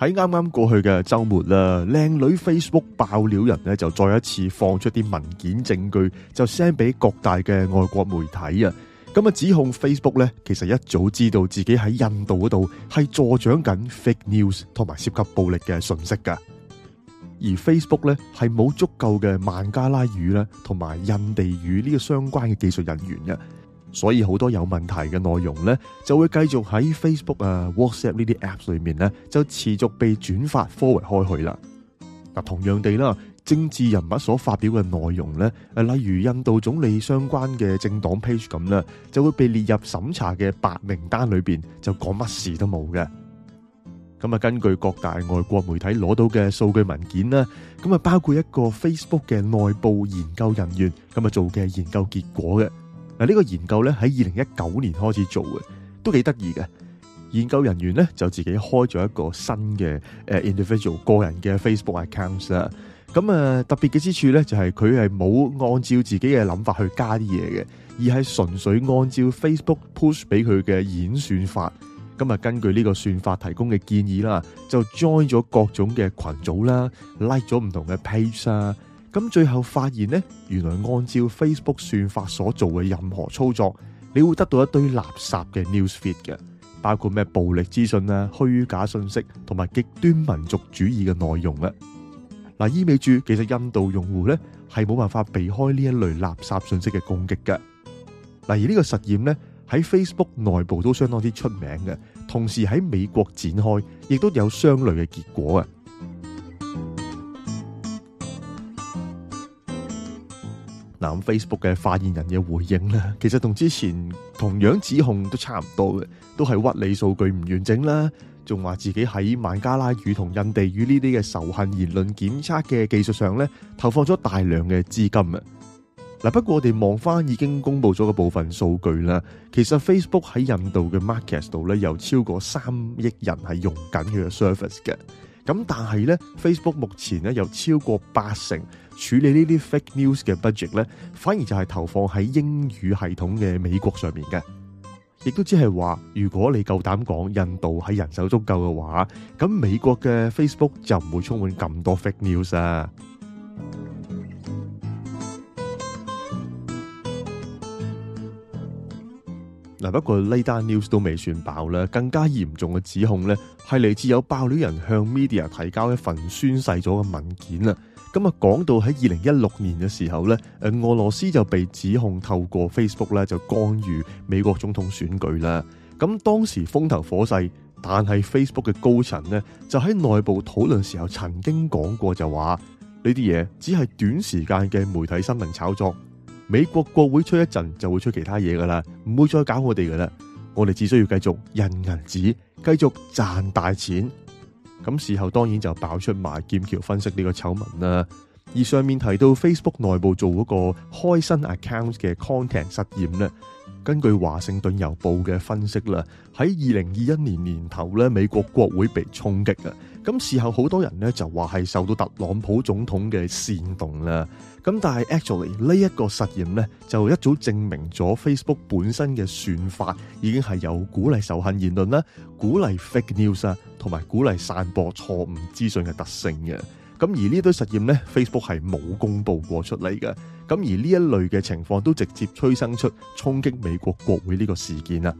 喺啱啱過去嘅周末啦，靚女 Facebook 爆料人咧就再一次放出啲文件證據，就 send 俾各大嘅外國媒體啊，咁啊指控 Facebook 咧其實一早知道自己喺印度嗰度係助長緊 fake news 同埋涉及暴力嘅訊息噶，而 Facebook 咧係冇足夠嘅孟加拉語咧同埋印地語呢個相關嘅技術人員嘅。所以好多有問題嘅內容呢，就會繼續喺 Facebook 啊、WhatsApp 呢啲 apps 裏面呢，就持續被轉發 forward 開去啦。嗱，同樣地啦，政治人物所發表嘅內容呢，誒，例如印度總理相關嘅政黨 page 咁啦，就會被列入審查嘅白名單裏邊，就講乜事都冇嘅。咁啊，根據各大外國媒體攞到嘅數據文件啦，咁啊，包括一個 Facebook 嘅內部研究人員咁啊做嘅研究結果嘅。嗱，呢個研究咧，喺二零一九年開始做嘅，都幾得意嘅。研究人員咧，就自己開咗一個新嘅誒 individual 個人嘅 Facebook account 啦。咁啊，特別嘅之處咧，就係佢係冇按照自己嘅諗法去加啲嘢嘅，而係純粹按照 Facebook push 俾佢嘅演算法。咁啊，根據呢個算法提供嘅建議啦，就 join 咗各種嘅群組啦，like 咗唔同嘅 page 啊。咁最後發現呢，原來按照 Facebook 算法所做嘅任何操作，你會得到一堆垃圾嘅 news feed 嘅，包括咩暴力資訊啦、虛假信息同埋極端民族主義嘅內容啊，嗱，意味住其實印度用戶呢係冇辦法避開呢一類垃圾信息嘅攻擊嘅。嗱，而呢個實驗呢，喺 Facebook 內部都相當之出名嘅，同時喺美國展開亦都有相類嘅結果啊。嗱，Facebook 嘅發言人嘅回應咧，其實同之前同樣指控都差唔多嘅，都係屈你數據唔完整啦，仲話自己喺孟加拉語同印地語呢啲嘅仇恨言論檢測嘅技術上咧，投放咗大量嘅資金啊！嗱，不過我哋望翻已經公布咗嘅部分數據啦，其實 Facebook 喺印度嘅 market 度咧，有超過三億人係用緊佢嘅 service 嘅，咁但係咧，Facebook 目前咧有超過八成，處理呢啲 fake news 嘅 budget 咧，反而就係投放喺英語系統嘅美國上面嘅，亦都只係話，如果你夠膽講印度喺人手足夠嘅話，咁美國嘅 Facebook 就唔會充滿咁多 fake news 啊！嗱， 不過呢單 news 都未算爆啦，更加嚴重嘅指控咧，係嚟自有爆料人向 media 提交一份宣誓咗嘅文件啊！咁啊，講到喺二零一六年嘅時候咧，誒，俄羅斯就被指控透過 Facebook 咧就干預美國總統選舉啦。咁當時風頭火勢，但係 Facebook 嘅高層呢，就喺內部討論時候，曾經講過，就話呢啲嘢只係短時間嘅媒體新聞炒作。美國國會出一陣就會出其他嘢噶啦，唔會再搞我哋噶啦。我哋只需要繼續印銀紙，繼續賺大錢。咁事後當然就爆出埋劍橋分析呢個醜聞啦，而上面提到 Facebook 內部做嗰個開新 account 嘅 content 實驗咧，根據華盛頓郵報嘅分析啦，喺二零二一年年頭咧，美國國會被衝擊啊！咁事後好多人咧就話係受到特朗普總統嘅煽動啦，咁但係 actually 呢一個實驗咧就一早證明咗 Facebook 本身嘅算法已經係有鼓勵仇恨言論啦、鼓勵 fake news 啊，同埋鼓勵散播錯誤資訊嘅特性嘅。咁而呢堆實驗咧 Facebook 係冇公布過出嚟嘅，咁而呢一類嘅情況都直接催生出衝擊美國國會呢個事件啦。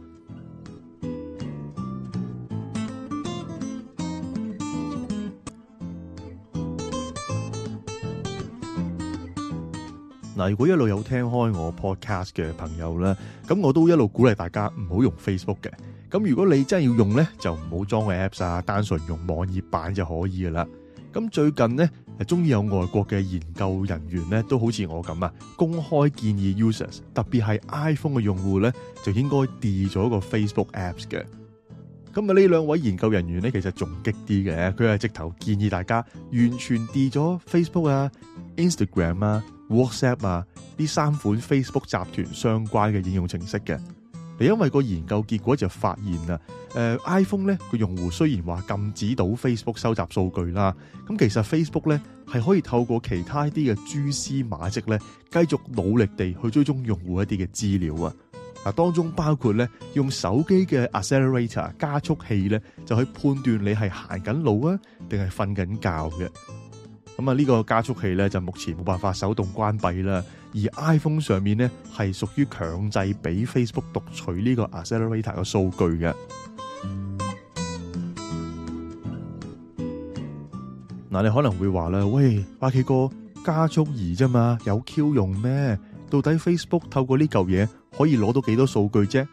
嗱，如果一路有聽開我 podcast 嘅朋友咧，咁我都一路鼓勵大家唔好用 Facebook 嘅。咁如果你真係要用咧，就唔好裝個 apps 啊，單純用網頁版就可以噶啦。咁最近咧，誒，終於有外國嘅研究人員咧，都好似我咁啊，公開建議 users，特別係 iPhone 嘅用戶咧，就應該 delete 咗個 Facebook apps 嘅。咁啊，呢兩位研究人員咧，其實仲激啲嘅，佢係直頭建議大家完全 delete 咗 Facebook 啊、Instagram 啊，WhatsApp 啊，呢三款 Facebook 集團相關嘅應用程式嘅，你因為個研究結果就發現啦，呃，iPhone 咧個用戶雖然話禁止到 Facebook 收集數據啦，咁其實 Facebook 咧係可以透過其他啲嘅蛛絲馬跡咧，繼續努力地去追蹤用戶一啲嘅資料啊，嗱當中包括咧用手機嘅 accelerator 加速器咧，就去判斷你係行緊路啊，定係瞓緊覺嘅。咁啊，呢個加速器咧就目前冇辦法手動關閉啦，而 iPhone 上面咧係屬於強制俾 Facebook 讀取呢個 accelerator 嘅數據嘅。嗱、嗯，你可能會話啦，喂，阿奇哥加速儀啫嘛，有 Q 用咩？到底 Facebook 透過呢嚿嘢可以攞到幾多數據啫？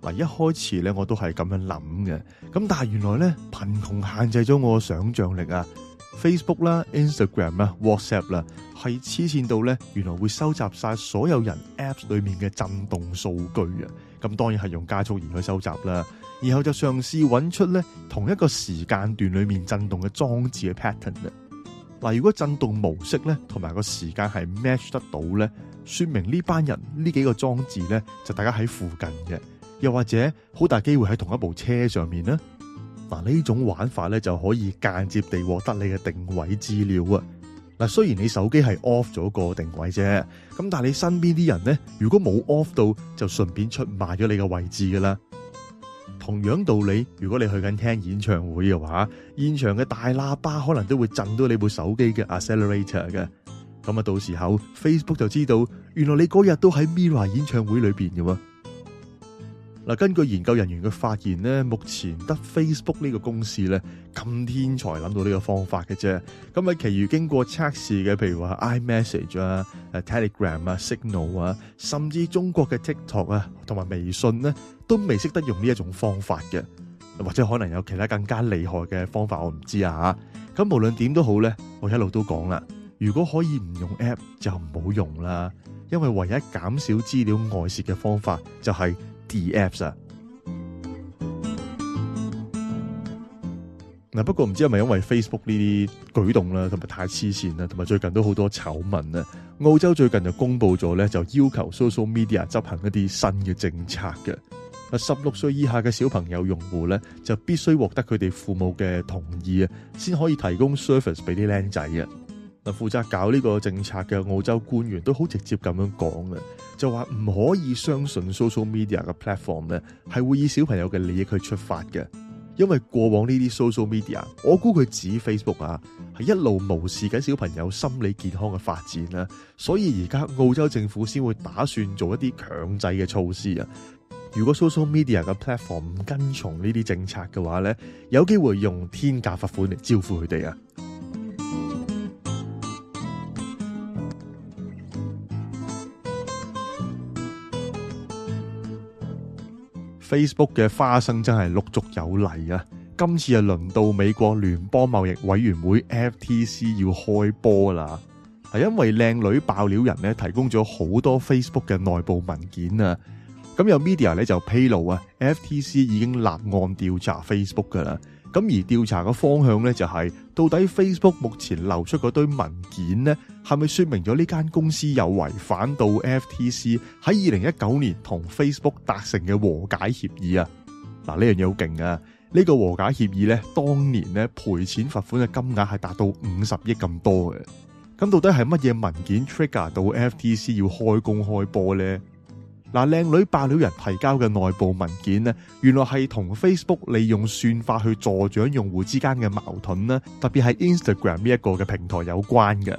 嗱，一開始咧我都係咁樣諗嘅，咁但係原來咧貧窮限制咗我嘅想像力啊！Facebook 啦、Instagram 啦、WhatsApp 啦，係黐線到咧，原來會收集晒所有人 apps 裏面嘅震動數據啊！咁當然係用加速儀去收集啦，然後就嘗試揾出咧同一個時間段裏面震動嘅裝置嘅 pattern 啊。嗱，如果震動模式咧同埋個時間係 match 得到咧，說明呢班人呢幾個裝置咧就大家喺附近嘅，又或者好大機會喺同一部車上面咧。嗱，呢種玩法咧就可以間接地獲得你嘅定位資料啊！嗱，雖然你手機係 off 咗個定位啫，咁但係你身邊啲人呢，如果冇 off 到，就順便出賣咗你嘅位置噶啦。同樣道理，如果你去緊聽演唱會嘅話，現場嘅大喇叭可能都會震到你部手機嘅 accelerator 嘅。咁啊，到時候 Facebook 就知道，原來你嗰日都喺 Mira 演唱會裏邊噶嗱，根據研究人員嘅發現咧，目前得 Facebook 呢個公司咧咁天才諗到呢個方法嘅啫。咁喺其餘經過測試嘅，譬如話 iMessage 啊、Telegram 啊、Signal 啊，甚至中國嘅 TikTok 啊同埋微信咧、啊，都未識得用呢一種方法嘅，或者可能有其他更加厲害嘅方法，我唔知啊嚇。咁無論點都好咧，我一路都講啦，如果可以唔用 app 就唔好用啦，因為唯一減少資料外泄嘅方法就係、是。D apps 啊，嗱 不過唔知係咪因為 Facebook 呢啲舉動啦，同埋太黐線啦，同埋最近都好多醜聞啊。澳洲最近就公布咗咧，就要求 social media 執行一啲新嘅政策嘅。啊，十六歲以下嘅小朋友用戶咧，就必須獲得佢哋父母嘅同意啊，先可以提供 service 俾啲靚仔負責搞呢個政策嘅澳洲官員都好直接咁樣講嘅，就話唔可以相信 social media 嘅 platform 咧，係會以小朋友嘅利益去出發嘅。因為過往呢啲 social media，我估佢指 Facebook 啊，係一路無視緊小朋友心理健康嘅發展啦。所以而家澳洲政府先會打算做一啲強制嘅措施啊。如果 social media 嘅 platform 唔跟從呢啲政策嘅話咧，有機會用天價罰款嚟招呼佢哋啊。Facebook 嘅花生真係陸續有嚟啊！今次又輪到美國聯邦貿易委員會 FTC 要開波啦！係因為靚女爆料人咧提供咗好多 Facebook 嘅內部文件啊！咁有 media 咧就披露啊，FTC 已經立案調查 Facebook 噶啦。咁而調查嘅方向咧，就係到底 Facebook 目前流出嗰堆文件咧，係咪說明咗呢間公司有違反到 FTC 喺二零一九年同 Facebook 達成嘅和解協議啊？嗱，呢樣嘢好勁啊！呢個和解協議咧，當年咧賠錢罰款嘅金額係達到五十億咁多嘅。咁到底係乜嘢文件 trigger 到 FTC 要開工開波咧？嗱，靚女爆料人提交嘅內部文件呢，原來係同 Facebook 利用算法去助長用戶之間嘅矛盾啦，特別係 Instagram 呢一個嘅平台有關嘅。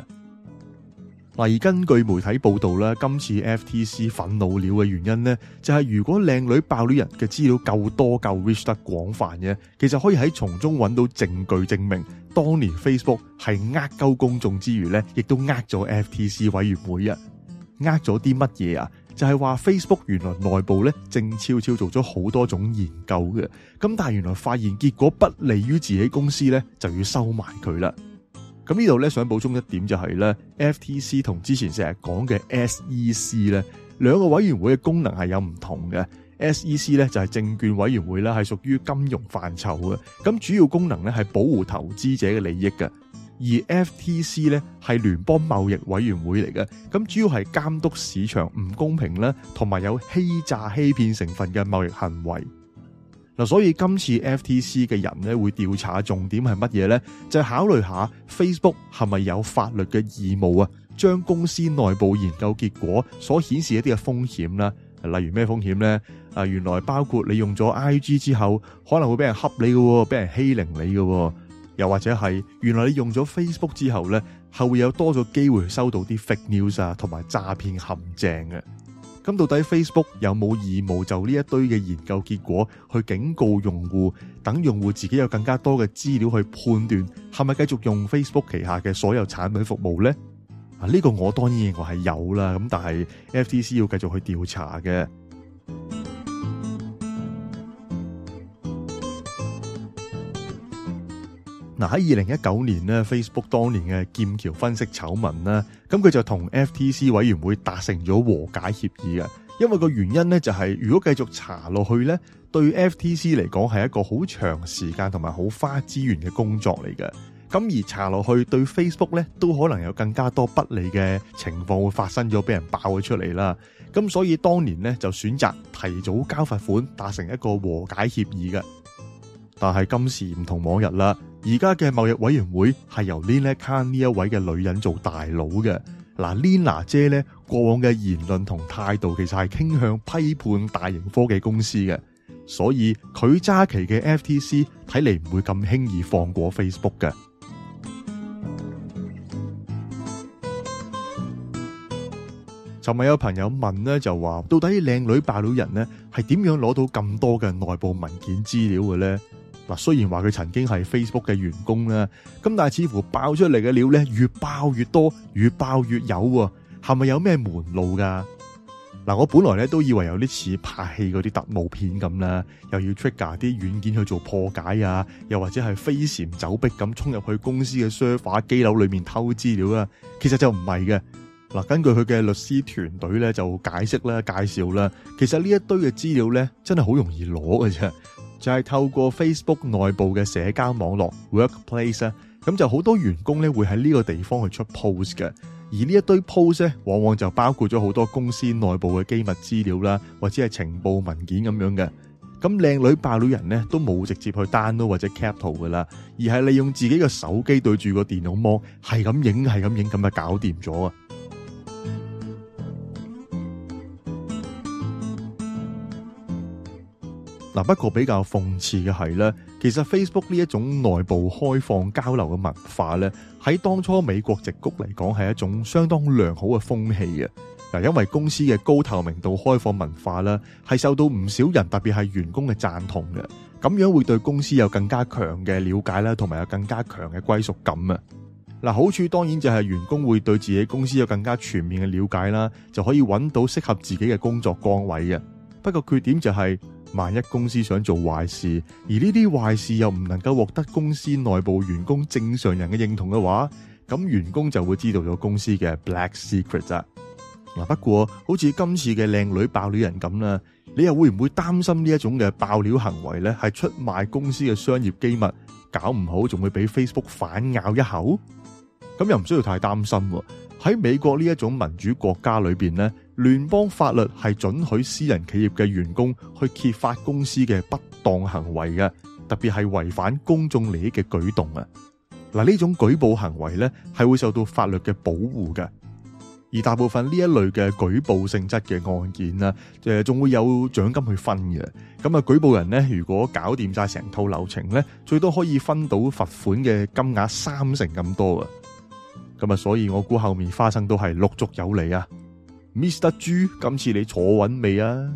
嗱，而根據媒體報道啦，今次 FTC 憤怒了嘅原因呢，就係如果靚女爆料人嘅資料夠多、夠 reach 得廣泛嘅，其實可以喺從中揾到證據證明當年 Facebook 係呃鳩公眾之餘呢，亦都呃咗 FTC 委員會啊，呃咗啲乜嘢啊？就係話 Facebook 原來內部咧正悄悄做咗好多種研究嘅，咁但係原來發現結果不利於自己公司咧，就要收埋佢啦。咁呢度咧想補充一點就係咧，FTC 同之前成日講嘅 SEC 咧，兩個委員會嘅功能係有唔同嘅。SEC 咧就係證券委員會啦，係屬於金融範疇嘅，咁主要功能咧係保護投資者嘅利益嘅。而 FTC 咧係聯邦貿易委員會嚟嘅，咁主要係監督市場唔公平啦，同埋有欺詐、欺騙成分嘅貿易行為。嗱，所以今次 FTC 嘅人咧會調查重點係乜嘢呢？就係考慮下 Facebook 係咪有法律嘅義務啊，將公司內部研究結果所顯示一啲嘅風險啦，例如咩風險呢？啊，原來包括你用咗 IG 之後，可能會俾人恰你嘅，俾人欺凌你嘅。又或者係原來你用咗 Facebook 之後呢，係會有多咗機會收到啲 fake news 啊，同埋詐騙陷阱嘅啊。咁到底 Facebook 有冇義務就呢一堆嘅研究結果去警告用戶，等用戶自己有更加多嘅資料去判斷係咪繼續用 Facebook 旗下嘅所有產品服務呢？啊，呢個我當然認為係有啦。咁但係 FTC 要繼續去調查嘅。嗱，喺二零一九年 Facebook 當年嘅劍橋分析醜聞咧，咁佢就同 FTC 委員會達成咗和解協議嘅。因為個原因呢，就係如果繼續查落去呢，對 FTC 嚟講係一個好長時間同埋好花資源嘅工作嚟嘅。咁而查落去對 Facebook 呢都可能有更加多不利嘅情況會發生咗，俾人爆咗出嚟啦。咁所以當年呢，就選擇提早交罰款，達成一個和解協議嘅。但係今時唔同往日啦。而家嘅貿易委員會係由 Lina Khan 呢一位嘅女人做大佬嘅，嗱 Lina 姐呢，過往嘅言論同態度其實係傾向批判大型科技公司嘅，所以佢揸旗嘅 FTC 睇嚟唔會咁輕易放過 Facebook 嘅。尋日有朋友問呢，就話到底靚女爆料人呢，係點樣攞到咁多嘅內部文件資料嘅呢？」嗱，雖然話佢曾經係 Facebook 嘅員工啦，咁但係似乎爆出嚟嘅料咧，越爆越多，越爆越有喎，係咪有咩門路噶？嗱，我本來咧都以為有啲似拍戲嗰啲特務片咁啦，又要 trigger 啲軟件去做破解啊，又或者係飛檐走壁咁衝入去公司嘅 server 機樓裏面偷資料啊，其實就唔係嘅。嗱，根據佢嘅律師團隊咧就解釋啦、介紹啦，其實呢一堆嘅資料咧真係好容易攞嘅啫。就係透過 Facebook 內部嘅社交網絡 Workplace 啊，咁就好多員工咧會喺呢個地方去出 post 嘅，而呢一堆 post 咧往往就包括咗好多公司內部嘅機密資料啦，或者係情報文件咁樣嘅。咁靚女爆料人咧都冇直接去 download 或者 capture 噶啦，而係利用自己嘅手機對住個電腦摸，係咁影係咁影咁就搞掂咗啊！嗱，不過比較諷刺嘅係咧，其實 Facebook 呢一種內部開放交流嘅文化咧，喺當初美國矽谷嚟講係一種相當良好嘅風氣嘅。嗱，因為公司嘅高透明度開放文化咧，係受到唔少人，特別係員工嘅贊同嘅。咁樣會對公司有更加強嘅了解啦，同埋有更加強嘅歸屬感啊。嗱，好處當然就係員工會對自己公司有更加全面嘅了解啦，就可以揾到適合自己嘅工作崗位嘅。不過缺點就係、是。萬一公司想做壞事，而呢啲壞事又唔能夠獲得公司內部員工正常人嘅認同嘅話，咁員工就會知道咗公司嘅 black secret 啦。嗱，不過好似今次嘅靚女爆料人咁啦，你又會唔會擔心呢一種嘅爆料行為咧，係出賣公司嘅商業機密，搞唔好仲會俾 Facebook 反咬一口？咁又唔需要太擔心喎。喺美國呢一種民主國家裏邊呢，聯邦法律係准許私人企業嘅員工去揭發公司嘅不當行為嘅，特別係違反公眾利益嘅舉動啊！嗱，呢種舉報行為咧係會受到法律嘅保護嘅，而大部分呢一類嘅舉報性質嘅案件啊，就仲會有獎金去分嘅。咁啊，舉報人呢，如果搞掂晒成套流程呢，最多可以分到罰款嘅金額三成咁多啊！咁啊，所以我估後面花生都係陸續有利啊！Mr. 豬，今次你坐穩未啊？